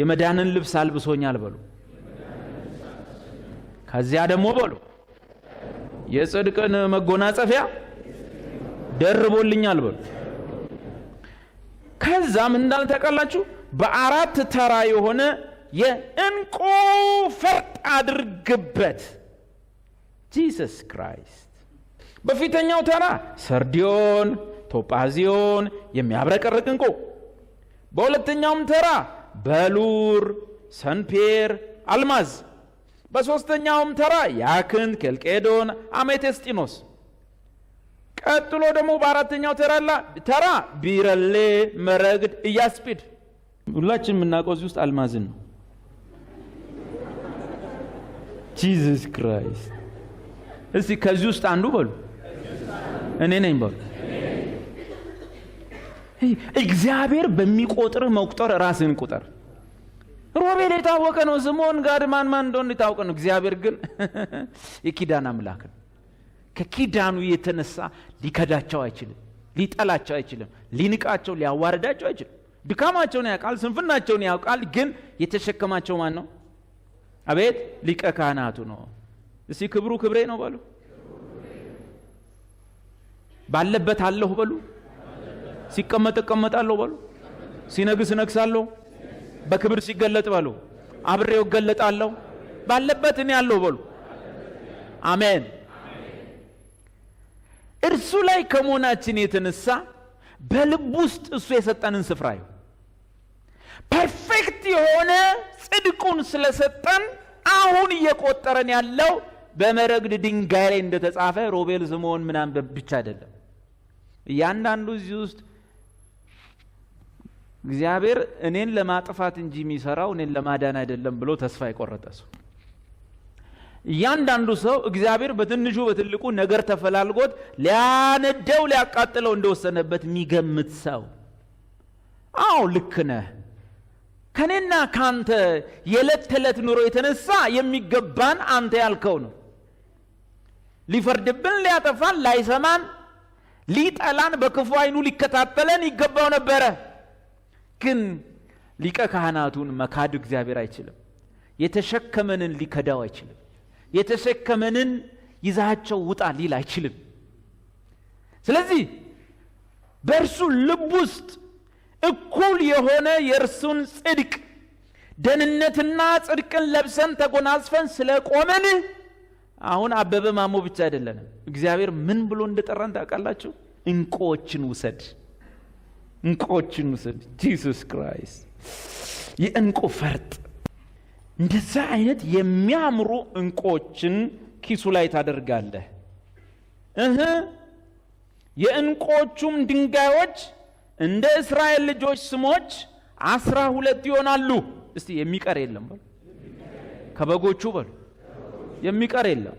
የመዳንን ልብስ አልብሶኛል በሉ። ከዚያ ደግሞ በሉ የጽድቅን መጎናጸፊያ ደርቦልኛል በሉ። ከዛም እንዳልተቀላችሁ በአራት ተራ የሆነ የእንቁ ፈርጥ አድርግበት ጂሰስ ክራይስት። በፊተኛው ተራ ሰርዲዮን፣ ቶጳዚዮን የሚያብረቀርቅ እንቁ፣ በሁለተኛውም ተራ በሉር፣ ሰንፔር፣ አልማዝ በሦስተኛውም ተራ ያክንት፣ ኬልቄዶን፣ አሜቴስጢኖስ ቀጥሎ ደግሞ በአራተኛው ተራላ ተራ ቢረሌ፣ መረግድ፣ እያስፒድ ሁላችን የምናውቀው እዚህ ውስጥ አልማዝን ነው። ጂዘስ ክራይስት። እስቲ ከዚህ ውስጥ አንዱ በሉ እኔ ነኝ በሉ እግዚአብሔር በሚቆጥር መቁጠር ራስን ቁጠር። ሮቤል የታወቀ ነው። ስምዖን፣ ጋድ ማን ማን እንደሆን የታወቀ ነው። እግዚአብሔር ግን የኪዳን አምላክ ነው። ከኪዳኑ የተነሳ ሊከዳቸው አይችልም፣ ሊጠላቸው አይችልም፣ ሊንቃቸው፣ ሊያዋርዳቸው አይችልም። ድካማቸውን ያውቃል፣ ስንፍናቸውን ያውቃል። ግን የተሸከማቸው ማን ነው? አቤት ሊቀ ካህናቱ ነው። እስቲ ክብሩ ክብሬ ነው በሉ፣ ባለበት አለሁ በሉ ሲቀመጥ እቀመጣለሁ በሉ። ሲነግስ እነግሳለሁ። በክብር ሲገለጥ በሉ አብሬው እገለጣለሁ። ባለበት እኔ አለሁ በሉ። አሜን። እርሱ ላይ ከመሆናችን የተነሳ በልብ ውስጥ እሱ የሰጠንን ስፍራ ይሁ ፐርፌክት የሆነ ጽድቁን ስለሰጠን አሁን እየቆጠረን ያለው በመረግድ ድንጋይ ላይ እንደተጻፈ ሮቤል፣ ስምዖን ምናምን ብቻ አይደለም። እያንዳንዱ እዚህ ውስጥ እግዚአብሔር እኔን ለማጥፋት እንጂ የሚሰራው እኔን ለማዳን አይደለም ብሎ ተስፋ የቆረጠ ሰው እያንዳንዱ ሰው እግዚአብሔር በትንሹ በትልቁ ነገር ተፈላልጎት ሊያነደው ሊያቃጥለው እንደወሰነበት የሚገምት ሰው አዎ ልክ ነህ ከእኔና ከአንተ የዕለት ተዕለት ኑሮ የተነሳ የሚገባን አንተ ያልከው ነው ሊፈርድብን ሊያጠፋን ላይሰማን ሊጠላን በክፉ አይኑ ሊከታተለን ይገባው ነበረ ግን ሊቀ ካህናቱን መካድ እግዚአብሔር አይችልም። የተሸከመንን ሊከዳው አይችልም። የተሸከመንን ይዛቸው ውጣ ሊል አይችልም። ስለዚህ በእርሱ ልብ ውስጥ እኩል የሆነ የእርሱን ጽድቅ ደህንነትና ጽድቅን ለብሰን ተጎናጽፈን ስለቆመን አሁን አበበ ማሞ ብቻ አይደለንም። እግዚአብሔር ምን ብሎ እንደጠራን ታውቃላችሁ? እንቁዎችን ውሰድ እንቁዎችን ውሰድ። ጂሱስ ክራይስት የእንቁ ፈርጥ እንደዛ አይነት የሚያምሩ እንቁዎችን ኪሱ ላይ ታደርጋለህ። እህ የእንቆቹም ድንጋዮች እንደ እስራኤል ልጆች ስሞች አስራ ሁለት ይሆናሉ። እስቲ የሚቀር የለም በሉ፣ ከበጎቹ በሉ፣ የሚቀር የለም።